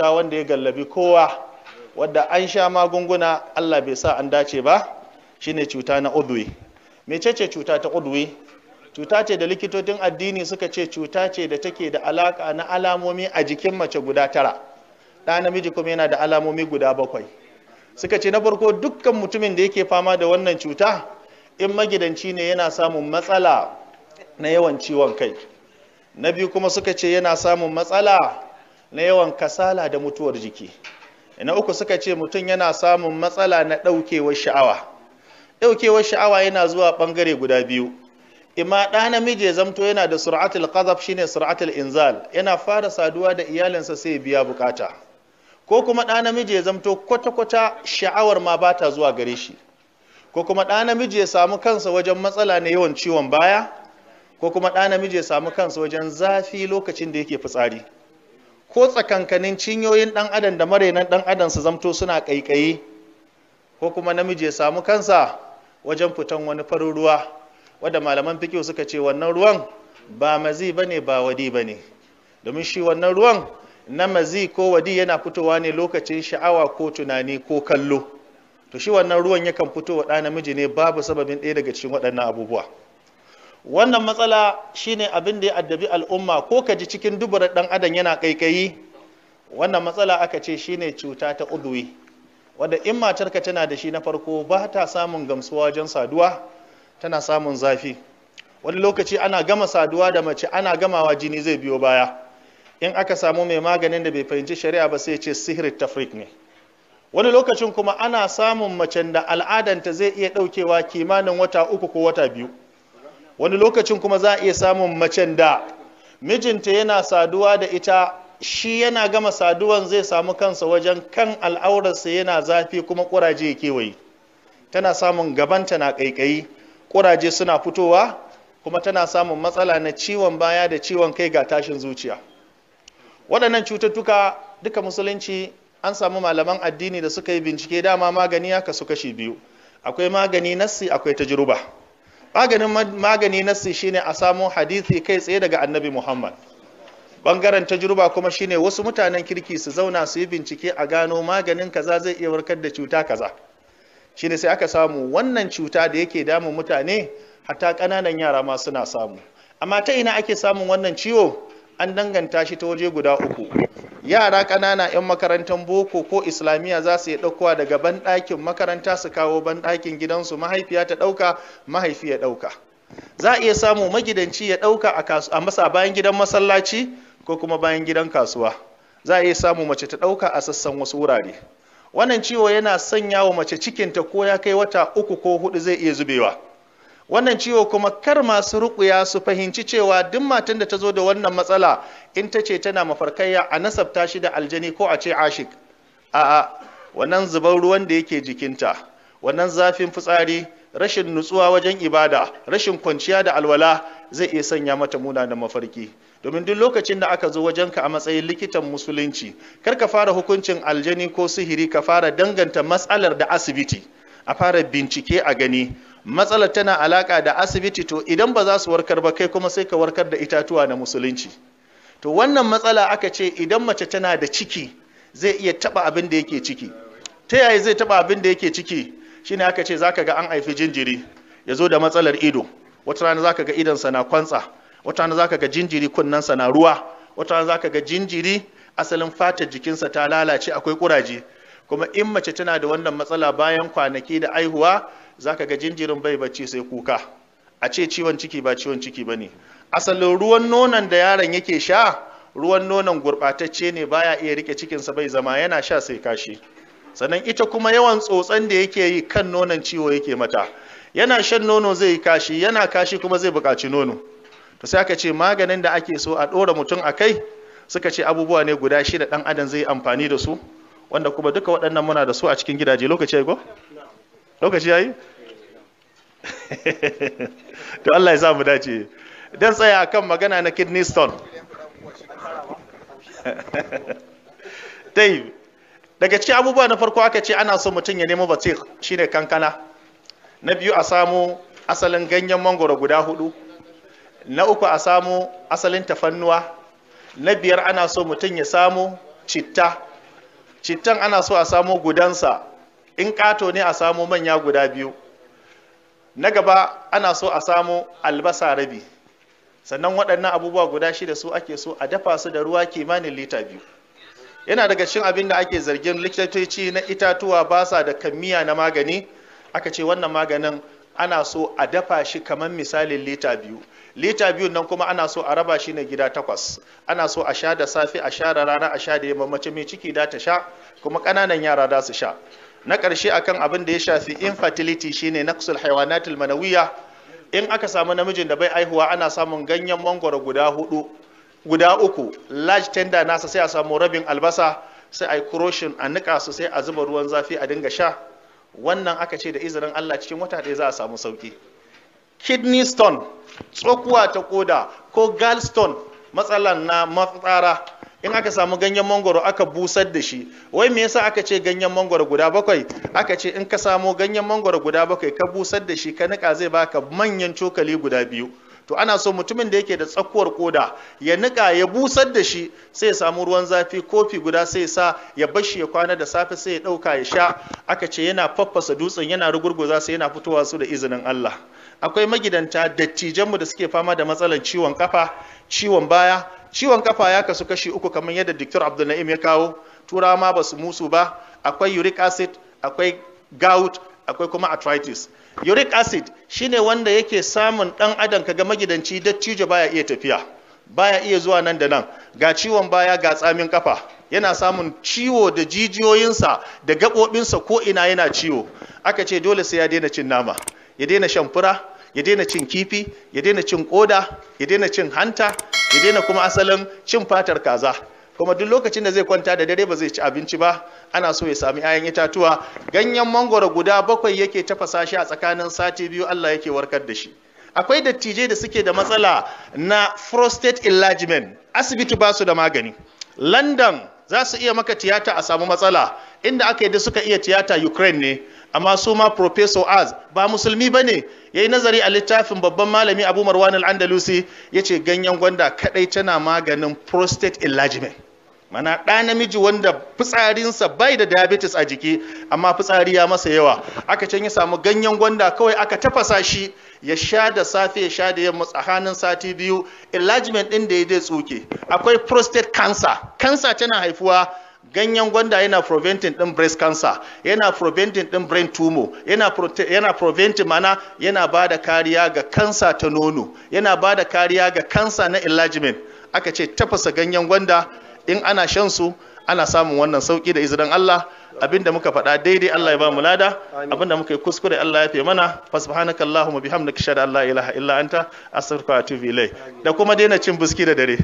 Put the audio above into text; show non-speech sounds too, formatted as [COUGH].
cuta wanda ya gallabi kowa wadda an sha magunguna Allah bai sa an dace ba shine cuta na udwi mecece cuta ta udwi cuta ce da likitocin addini suka ce cuta ce da take da alaka na alamomi a jikin mace guda tara ɗa namiji kuma yana da alamomi guda bakwai suka ce na farko dukkan mutumin da yake fama da wannan cuta in magidanci ne yana samun matsala na yawan ciwon kai na biyu kuma suka ce yana samun matsala na yawan kasala da mutuwar jiki na uku suka ce mutum yana samun matsala na ɗaukewar sha'awa ɗaukewar sha'awa yana zuwa bangare guda biyu ima ɗa namiji ya zamto yana da sur'atul qazaf shine sur'atul inzal yana fara saduwa da iyalinsa sai biya bukata ko kuma ɗa namiji ya zamto kwata-kwata sha'awar ma ba zuwa gare shi ko kuma ɗa namiji ya samu kansa wajen matsala na yawan ciwon baya ko kuma ɗa namiji ya samu kansa wajen zafi lokacin da yake fitsari ko tsakankanin cinyoyin ɗan adam da marainan ɗan adam su zamto suna ƙaiƙayi ko kuma namiji ya samu kansa wajen fitan wani farin ruwa wadda malaman fikiyo suka ce wannan ruwan ba mazi ba ne ba wadi ba ne domin shi wannan ruwan na mazi ko wadi yana fitowa ne lokacin sha'awa ko tunani ko kallo to shi wannan ruwan yakan fito wa ɗa namiji ne babu sababin ɗaya daga cikin waɗannan abubuwa wannan matsala shine abin da ya addabi al'umma ko ka ji cikin dubura dan adam yana kaikayi wannan matsala aka ce shine cuta ta udwi wadda in matarka tana da shi na farko ba ta samun gamsuwa wajen saduwa tana samun zafi wani lokaci ana gama saduwa da mace ana gamawa jini zai biyo baya in aka samu mai maganin da bai fahimci shari'a ba sai ce sihirin tafrik ne wani lokacin kuma ana samun macen da al'adanta zai iya ɗaukewa kimanin wata uku ko wata biyu wani lokacin kuma za a iya samun macen da mijinta yana saduwa da ita shi yana gama saduwan zai samu kansa wajen kan al'aurarsa yana zafi kuma ƙuraje ya kewaye tana samun gabanta na ƙaiƙayi ƙuraje suna fitowa kuma tana samun matsala na ciwon baya da ciwon kai ga tashin zuciya waɗannan cututtuka duka musulunci an samu malaman addini da suka yi bincike dama magani ya kasu kashi biyu akwai magani nassi akwai tajruba maganin magani nassi shine a samo hadisi kai tsaye daga annabi muhammad bangaren tajruba kuma shine wasu mutanen kirki su zauna su yi bincike a gano maganin kaza zai iya warkar da cuta kaza shine sai aka samu wannan cuta da yake damun mutane hatta kananan yara ma suna samu amma ta ina ake samun wannan ciwo an danganta shi ta waje guda uku yara ƙanana 'yan makarantar boko ko islamiyya za su yi ɗaukowa daga banɗakin makaranta su kawo banɗakin gidansu mahaifiya ta ɗauka mahaifi ya ɗauka za a iya samu magidanci ya ɗauka a masa bayan gidan masallaci ko kuma bayan gidan kasuwa za a iya samu mace ta ɗauka a sassan wasu wurare wannan ciwo yana sanya wa mace cikinta ko ya kai wata uku ko huɗu zai iya zubewa wannan ciwo kuma kar masu rukuya su fahimci cewa duk matan da ta zo da wannan matsala in ta ce tana mafarkaiya a nasabta shi da aljani ko a ce ashik a'a wannan zubar ruwan da yake jikinta wannan zafin fitsari rashin nutsuwa wajen ibada rashin kwanciya da alwala zai iya sanya mata munanan mafarki domin duk lokacin da aka zo wajenka a matsayin likitan musulunci kar ka fara hukuncin aljani ko sihiri ka fara danganta matsalar da asibiti a fara bincike a gani matsalar tana alaka da asibiti to idan ba za su warkar ba kai kuma sai ka warkar da itatuwa na musulunci to wannan matsala aka ce idan mace tana da ciki zai iya taba abin da yake ciki ta yaya zai taba abin da yake ciki shine aka ce zaka ga an haifi jinjiri ya zo da matsalar ido wata rana zaka ga idonsa na kwantsa wata rana zaka ga jinjiri kunnensa na ruwa wata rana zaka ga jinjiri asalin fatar jikinsa ta lalace akwai kuraje kuma in mace tana da wannan matsala bayan kwanaki da aihuwa za ka ga jinjirin bai bacci sai kuka a ce ciwon ciki ba ciwon ciki ba ne asalin ruwan nonon da yaron yake sha ruwan nonon gurɓatacce ne baya iya rike cikinsa bai zama yana sha sai kashi sannan ita kuma yawan tsotsan da yake yi kan nonon ciwo yake mata yana shan nono zai yi kashi yana kashi kuma zai buƙaci nono to sai aka ce maganin da ake so a ɗora mutum a kai suka ce abubuwa ne guda shida ɗan adam zai amfani da su wanda kuma duka waɗannan muna da su a cikin gidaje lokaci ya lokaci ya yi [LAUGHS] to Allah ya sa mu dace dan tsaya akan magana na kidney stone [LAUGHS] daga cikin abubuwa na farko aka ce ana so mutum ya nemo batik shine kankana na biyu a samu asalin ganyen mangoro guda hudu na uku a samu asalin tafannuwa na biyar ana so mutum ya samu citta cittan ana so a samu gudansa in kato ne a samu manya guda biyu na gaba ana so a samu albasa rabi sannan waɗannan abubuwa guda shida su ake so a dafa su da ruwa kimanin lita biyu yana daga cikin abin da ake zargin likitoci na itatuwa ba sa da kammiya na magani aka ce wannan maganin ana so a dafa shi kamar misalin lita biyu lita biyu nan kuma ana so a raba shi na gida takwas ana so a sha da safe a sha da rana a sha da yamma mace mai ciki da ta sha kuma ƙananan yara da su sha na ƙarshe akan abin da ya shafi infertility shine naqsul haywanatul manawiyya in aka samu namijin da bai aihuwa ana samun ganyen mangoro guda hudu guda uku large tender nasa sai a samu rabin albasa sai a yi crochet a nika su sai a zuba ruwan zafi a dinga sha wannan aka ce da izinin Allah cikin wata ɗaya za a samu sauki kidney stone tsokuwa ta koda ko gallstone matsalan na mafitsara in aka samu ganyen mangoro aka busar da shi wai me yasa aka ce ganyen mangoro guda bakwai aka ce in ka samo ganyen mangoro guda bakwai ka busar da shi ka nika zai baka manyan cokali guda biyu to ana so mutumin da yake da tsakuwar koda ya nika ya busar da shi sai ya samu ruwan zafi kofi guda sai sa ya bashi ya kwana da safe sai ya dauka ya sha aka ce yana faffasa dutsen yana rugurguza sai yana fitowa su da izinin Allah akwai magidanta dattijanmu da suke fama da matsalar ciwon kafa ciwon baya ciwon kafa ya kasu kashi uku kamar yadda Dr. Abdulnaim ya kawo turawa ma ba su musu ba akwai uric acid akwai gout akwai kuma arthritis uric acid shine wanda yake samun dan adam kaga magidanci dattijo baya iya tafiya baya iya zuwa nan da nan ga ciwon baya ga tsamin kafa yana samun ciwo da jijiyoyinsa da gaɓoɓinsa ko ina yana ciwo aka ce dole sai ya daina cin nama ya daina shan fura ya daina cin kifi ya daina cin koda ya daina cin hanta ya daina kuma asalin cin fatar kaza kuma duk lokacin da zai kwanta da dare ba zai ci abinci ba ana so ya sami 'ya'yan itatuwa ganyen mangoro guda bakwai yake tafasa shi a tsakanin sati biyu Allah yake warkar da shi akwai dattijai da suke da matsala na prostate enlargement asibiti ba su da magani london za su iya maka tiyata a samu matsala inda aka yi suka iya tiyata ukraine ne amma su ma professor az ba musulmi ba ne ya yi nazari a littafin babban malami abu marwan al'andalusi andalusi ya ce ganyen gwanda kadai tana maganin prostate enlargement mana ɗa namiji wanda fitsarinsa bai da diabetes a jiki amma fitsari ya masa yawa aka can ya samu ganyen gwanda kawai aka tafasa shi ya sha da safe ya sha da yamma tsakanin sati biyu enlargement ɗin da ya dai tsuke akwai prostate cancer cancer tana haifuwa ganyen gwanda yana preventing ɗin breast cancer yana preventing ɗin brain tumor yana yana preventing mana yana ba da kariya ga cancer ta nono yana ba da kariya ga cancer na enlargement aka ce tafasa ganyen gwanda in ana shan su ana samun wannan sauki da izinin Allah abinda muka faɗa daidai Allah ya ba mu lada abinda muka yi kuskure Allah ya fi mana fa subhanaka allahumma bihamdika shada la ilaha illa anta astaghfiruka wa atubu ilayk da kuma daina cin biski da dare